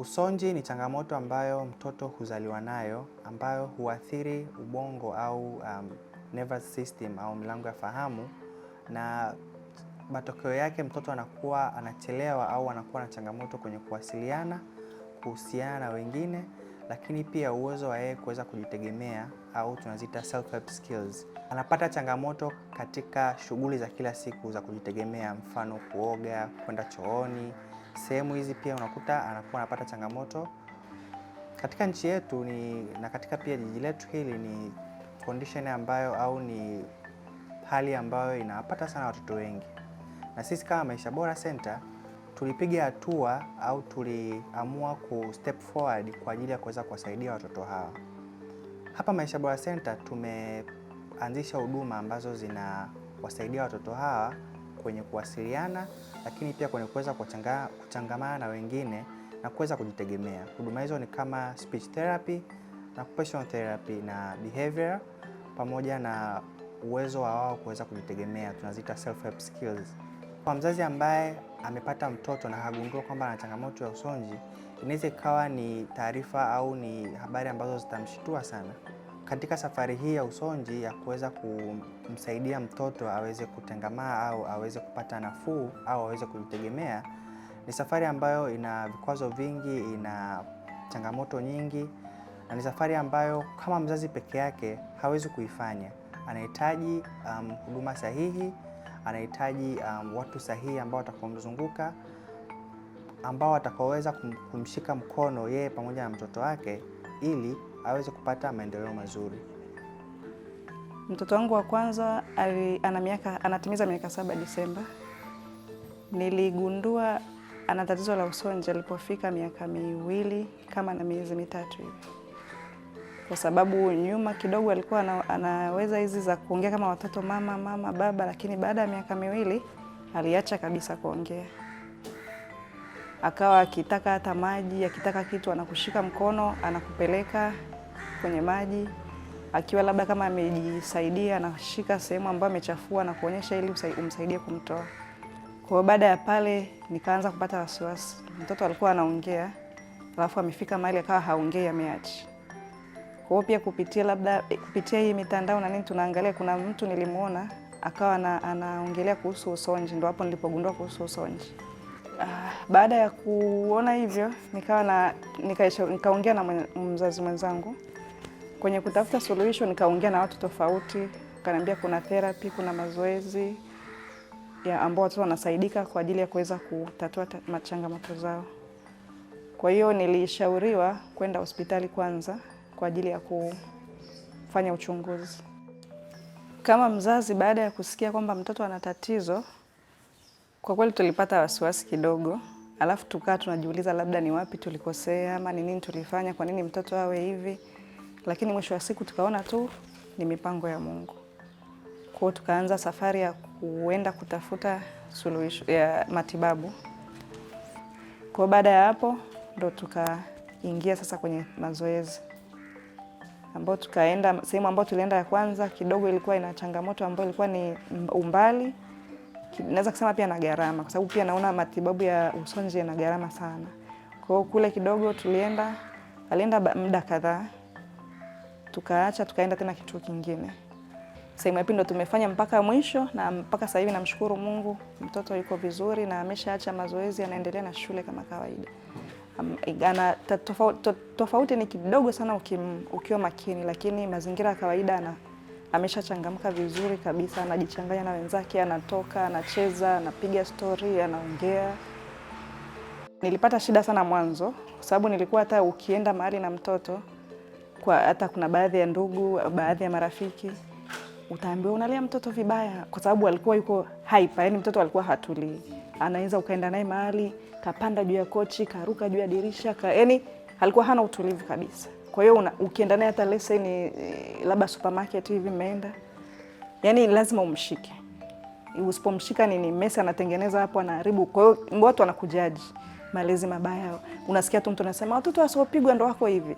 Usonji ni changamoto ambayo mtoto huzaliwa nayo ambayo huathiri ubongo au um, nervous system au milango ya fahamu, na matokeo yake mtoto anakuwa anachelewa au anakuwa na changamoto kwenye kuwasiliana, kuhusiana na wengine, lakini pia uwezo wa yeye kuweza kujitegemea au tunaziita self help skills. Anapata changamoto katika shughuli za kila siku za kujitegemea, mfano kuoga, kwenda chooni sehemu hizi pia unakuta anakuwa anapata changamoto katika nchi yetu ni, na katika pia jiji letu hili ni condition ambayo au ni hali ambayo inawapata sana watoto wengi, na sisi kama Maisha Bora Center tulipiga hatua au tuliamua ku step forward kwa ajili ya kuweza kuwasaidia watoto hawa. Hapa Maisha Bora Center tumeanzisha huduma ambazo zinawasaidia watoto hawa kwenye kuwasiliana, lakini pia kwenye kuweza kuchangamana na wengine na kuweza kujitegemea. Huduma hizo ni kama speech therapy na occupational therapy na behavior, pamoja na uwezo wa wao kuweza kujitegemea, tunaziita self help skills. Kwa mzazi ambaye amepata mtoto na hagundua kwamba ana changamoto ya usonji, inaweza ikawa ni taarifa au ni habari ambazo zitamshitua sana katika safari hii ya Usonji ya kuweza kumsaidia mtoto aweze kutengamaa au aweze kupata nafuu au aweze kujitegemea, ni safari ambayo ina vikwazo vingi, ina changamoto nyingi, na ni safari ambayo kama mzazi peke yake hawezi kuifanya. Anahitaji um, huduma sahihi, anahitaji um, watu sahihi ambao watakaomzunguka ambao watakaoweza kumshika mkono yeye pamoja na mtoto wake ili aweze kupata maendeleo mazuri. Mtoto wangu wa kwanza ali, ana miaka anatimiza miaka saba Disemba. Niligundua ana tatizo la usonji alipofika miaka miwili kama na miezi mitatu hivi, kwa sababu nyuma kidogo alikuwa ana, anaweza hizi za kuongea kama watoto mama mama baba, lakini baada ya miaka miwili aliacha kabisa kuongea akawa akitaka hata maji, akitaka kitu anakushika mkono anakupeleka kwenye maji. Akiwa labda kama amejisaidia, anashika sehemu ambayo amechafua na kuonyesha ili umsaidie kumtoa. Kwa hiyo baada ya pale nikaanza kupata wasiwasi. Mtoto alikuwa anaongea, alafu amefika mahali akawa haongei, ameachi. Kwa hiyo pia kupitia labda kupitia hii mitandao na nini, tunaangalia kuna mtu nilimuona akawa anaongelea kuhusu usonji, ndo hapo nilipogundua kuhusu usonji. Ah, baada ya kuona hivyo, nikawa na nikaongea nika na mzazi mwenzangu kwenye kutafuta suluhisho, nikaongea na watu tofauti, kaniambia kuna therapy, kuna mazoezi ya ambao watoto wanasaidika kwa ajili ya kuweza kutatua changamoto zao. Kwa hiyo nilishauriwa kwenda hospitali kwanza kwa ajili ya kufanya uchunguzi. Kama mzazi, baada ya kusikia kwamba mtoto ana tatizo kwa kweli tulipata wasiwasi kidogo, alafu tukaa tunajiuliza labda ni wapi tulikosea ama ni nini tulifanya, kwa nini mtoto awe hivi, lakini mwisho wa siku tukaona tu ni mipango ya Mungu. Kwa tukaanza safari ya kuenda kutafuta suluhisho ya matibabu. Kwa baada ya hapo ndo tukaingia sasa kwenye mazoezi ambao tukaenda sehemu ambayo tulienda ya kwanza kidogo ilikuwa ina changamoto ambayo ilikuwa ni umbali naweza kusema pia na gharama, kwa sababu pia naona matibabu ya usonji yana gharama sana. Kwa hiyo kule kidogo tulienda, alienda muda kadhaa, tukaacha tukaenda tena kituo kingine. Sehemu ya pili ndo tumefanya mpaka mwisho, na mpaka sasa hivi namshukuru Mungu, mtoto yuko vizuri na ameshaacha mazoezi, anaendelea na shule kama kawaida. Ana tofauti ni kidogo sana ukiwa makini, lakini mazingira ya kawaida ameshachangamka vizuri kabisa, anajichanganya na wenzake, anatoka, anacheza, anapiga stori, anaongea. Nilipata shida sana mwanzo, kwa sababu nilikuwa hata ukienda mahali na mtoto kwa hata kuna baadhi ya ndugu, baadhi ya marafiki utaambiwa unalea mtoto vibaya, kwa sababu alikuwa yuko hyper, yani mtoto alikuwa hatulii, anaweza ukaenda naye mahali kapanda juu ya kochi, karuka juu ya dirisha ka, yani alikuwa hana utulivu kabisa. Kwa hiyo ukienda naye hata lese eh, labda supermarket hivi mmeenda, yani lazima umshike. Usipomshika nini mesa anatengeneza hapo, anaharibu. Kwa hiyo watu wanakujaji malezi mabaya. Unasikia tu mtu anasema watoto wasiopigwa ndo wako hivi,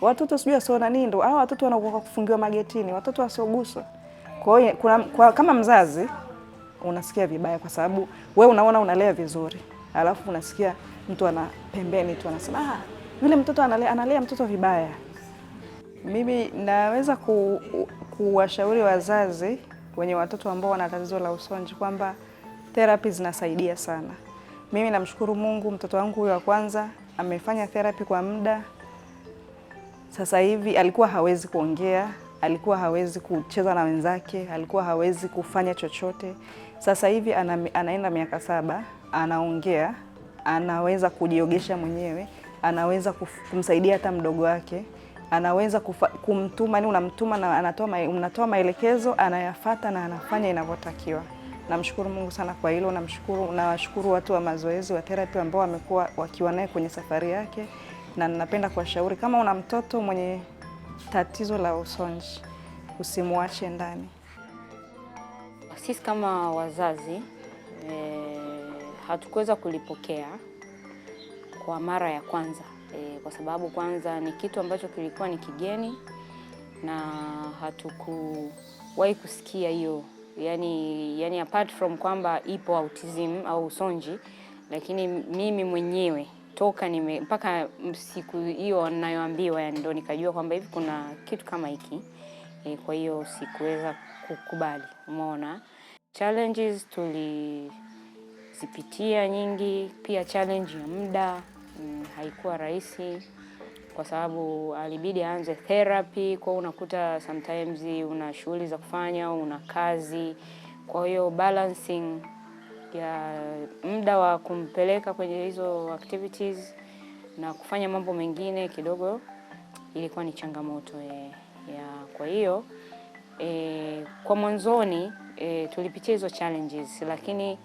watoto sijui wasio nani ndo au watoto wanakuwa kufungiwa magetini, watoto wasioguswa. Kwa hiyo kwa, kama mzazi unasikia vibaya, kwa sababu we unaona unalea vizuri, alafu unasikia mtu ana pembeni tu anasema ah yule mtoto analea, analea mtoto vibaya. Mimi naweza ku, kuwashauri wazazi wenye watoto ambao wana tatizo la usonji kwamba therapy zinasaidia sana. Mimi namshukuru Mungu, mtoto wangu huyo wa kwanza amefanya therapy kwa muda sasa hivi. Alikuwa hawezi kuongea, alikuwa hawezi kucheza na wenzake, alikuwa hawezi kufanya chochote. Sasa hivi ana, anaenda miaka saba, anaongea, anaweza kujiogesha mwenyewe anaweza kumsaidia hata mdogo wake, anaweza kufa, kumtuma ni yaani unamtuma na anatoa unatoa maelekezo anayafata na anafanya inavyotakiwa. Namshukuru Mungu sana kwa hilo. Namshukuru, nawashukuru watu wa mazoezi wa therapy ambao wamekuwa wakiwa naye kwenye safari yake, na ninapenda kuwashauri kama una mtoto mwenye tatizo la usonji usimwache ndani. Sisi kama wazazi e, hatukuweza kulipokea kwa mara ya kwanza e, kwa sababu kwanza ni kitu ambacho kilikuwa ni kigeni na hatukuwahi kusikia hiyo yani, yani apart from kwamba ipo autism au usonji, lakini mimi mwenyewe toka nime mpaka siku hiyo ninayoambiwa, yani ndo nikajua kwamba hivi kuna kitu kama hiki e, kwa hiyo sikuweza kukubali. Umeona, challenges tulizipitia nyingi, pia challenge ya muda Mm, haikuwa rahisi kwa sababu alibidi aanze therapy. Kwa unakuta sometimes una shughuli za kufanya una kazi, kwa hiyo balancing ya muda wa kumpeleka kwenye hizo activities na kufanya mambo mengine kidogo ilikuwa ni changamoto e, eh, yeah. kwa hiyo e, kwa mwanzoni e, tulipitia hizo challenges, lakini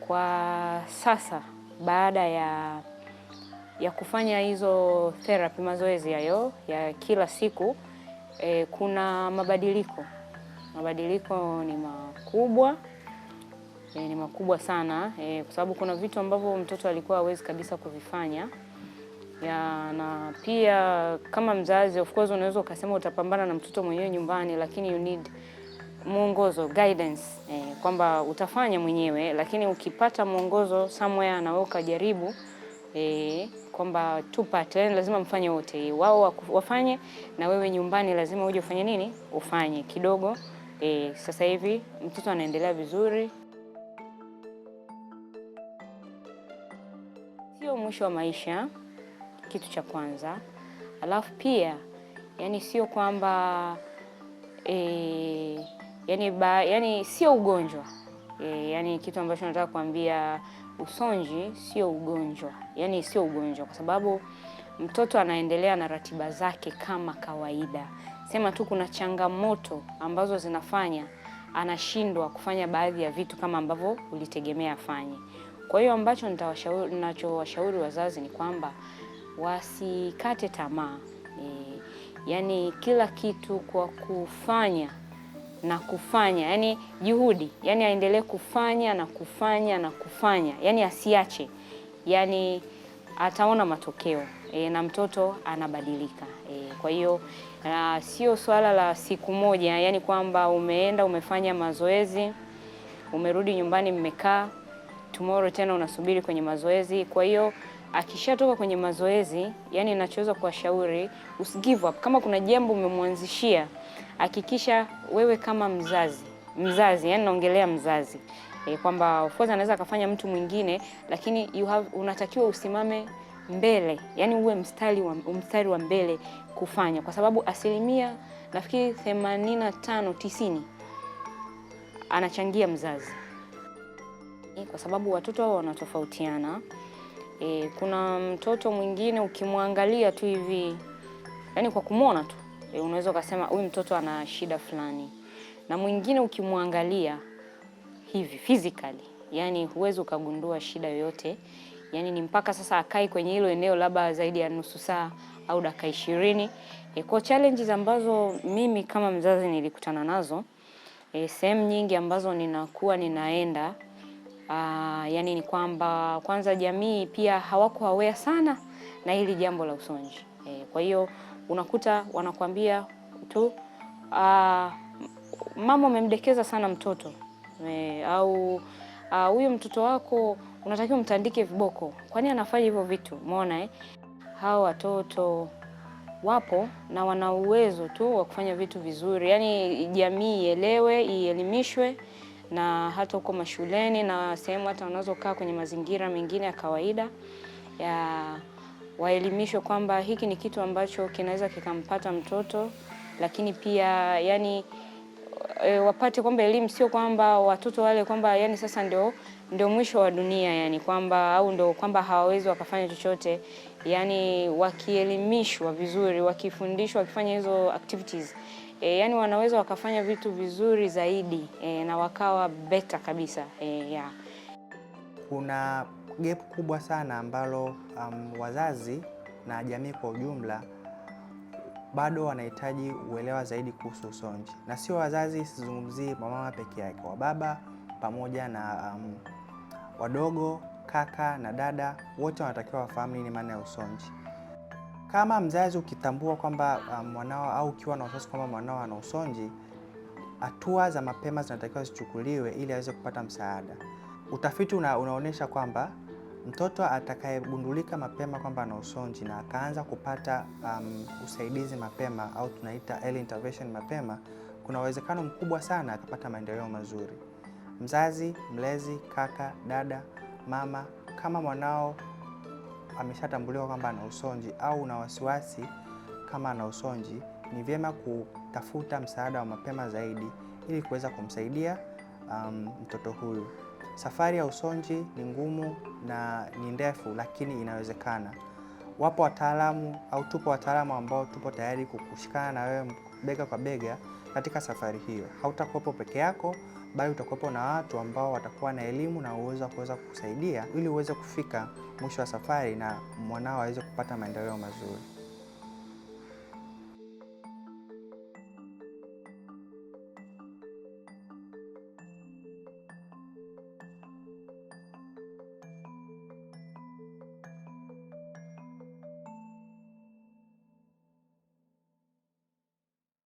kwa sasa baada ya ya kufanya hizo therapy mazoezi hayo ya kila siku e, kuna mabadiliko. Mabadiliko ni makubwa e, ni makubwa sana e, kwa sababu kuna vitu ambavyo mtoto alikuwa hawezi kabisa kuvifanya ya, na pia kama mzazi of course unaweza ukasema utapambana na mtoto mwenyewe nyumbani, lakini you need mwongozo guidance e, kwamba utafanya mwenyewe, lakini ukipata mwongozo somewhere na wewe ukajaribu e, kwamba tupate lazima mfanye wote, wao wafanye na wewe nyumbani lazima uje ufanye nini, ufanye kidogo. E, sasa hivi mtoto anaendelea vizuri, sio mwisho wa maisha, kitu cha kwanza. Alafu pia yani sio kwamba e, yani, yani sio ugonjwa e, yani kitu ambacho nataka kuambia usonji sio ugonjwa, yaani sio ugonjwa kwa sababu mtoto anaendelea na ratiba zake kama kawaida. Sema tu kuna changamoto ambazo zinafanya anashindwa kufanya baadhi ya vitu kama ambavyo ulitegemea afanye. Kwa hiyo ambacho nitawashauri, ninachowashauri wazazi ni kwamba wasikate tamaa. E, yaani kila kitu kwa kufanya na kufanya, yani juhudi, yani aendelee kufanya na kufanya na kufanya, yani asiache, yani ataona matokeo e, na mtoto anabadilika e. Kwa hiyo sio swala la siku moja, yani kwamba umeenda umefanya mazoezi umerudi nyumbani mmekaa, tomorrow tena unasubiri kwenye mazoezi. Kwa hiyo akishatoka kwenye mazoezi, yani nachoweza kuwashauri usigive up. Kama kuna jambo umemwanzishia hakikisha wewe kama mzazi mzazi, yani naongelea mzazi e, kwamba of course anaweza akafanya mtu mwingine, lakini you have, unatakiwa usimame mbele, yani uwe mstari wa, mstari wa mbele kufanya, kwa sababu asilimia nafikiri 85 90 anachangia mzazi e, kwa sababu watoto hao wanatofautiana. E, kuna mtoto mwingine ukimwangalia tu hivi yani kwa kumwona tu E, unaweza ukasema huyu mtoto ana shida fulani, na mwingine ukimwangalia hivi physically, yani huwezi ukagundua shida yoyote, yani ni mpaka sasa akai kwenye hilo eneo labda zaidi ya nusu saa au dakika ishirini. E, kwa challenges ambazo mimi kama mzazi nilikutana nazo e, sehemu nyingi ambazo ninakuwa ninaenda aa, ah, yani ni kwamba kwanza jamii pia hawako aware sana na hili jambo la usonji e, kwa hiyo unakuta wanakuambia tu uh, mama umemdekeza sana mtoto e, au ah, huyu mtoto wako unatakiwa mtandike viboko. Kwani anafanya hivyo vitu? Umeona eh? Hawa watoto wapo na wana uwezo tu wa kufanya vitu vizuri, yaani jamii ielewe, ielimishwe na hata huko mashuleni na sehemu hata wanazokaa kwenye mazingira mengine ya kawaida ya waelimishwe kwamba hiki ni kitu ambacho kinaweza kikampata mtoto, lakini pia yani e, wapate kwamba elimu sio kwamba watoto wale kwamba yani sasa ndio ndio mwisho wa dunia yani kwamba au ndio kwamba hawawezi wakafanya chochote. Yani wakielimishwa vizuri, wakifundishwa, wakifanya hizo activities e, yani wanaweza wakafanya vitu vizuri zaidi e, na wakawa beta kabisa e, yeah. Kuna gap kubwa sana ambalo um, wazazi na jamii kwa ujumla bado wanahitaji uelewa zaidi kuhusu usonji, na sio wazazi, sizungumzie mama peke yake, wa baba pamoja na um, wadogo, kaka na dada, wote wanatakiwa wafahamu nini maana ya usonji. Kama mzazi ukitambua kwamba um, mwanao um, au ukiwa na wasiwasi kwamba mwanao ana usonji, hatua za mapema zinatakiwa zichukuliwe ili aweze kupata msaada. Utafiti una, unaonyesha kwamba Mtoto atakayegundulika mapema kwamba ana usonji na akaanza kupata um, usaidizi mapema au tunaita early intervention mapema, kuna uwezekano mkubwa sana akapata maendeleo mazuri. Mzazi, mlezi, kaka, dada, mama, kama mwanao ameshatambuliwa kwamba ana usonji au una wasiwasi kama ana usonji, ni vyema kutafuta msaada wa mapema zaidi ili kuweza kumsaidia um, mtoto huyu. Safari ya usonji ni ngumu na ni ndefu, lakini inawezekana. Wapo wataalamu au tupo wataalamu ambao tupo tayari kukushikana na wewe bega kwa bega katika safari hiyo. Hautakuwepo peke yako, bali utakuwepo na watu ambao watakuwa na elimu na uwezo wa kuweza kukusaidia ili uweze kufika mwisho wa safari na mwanao aweze kupata maendeleo mazuri.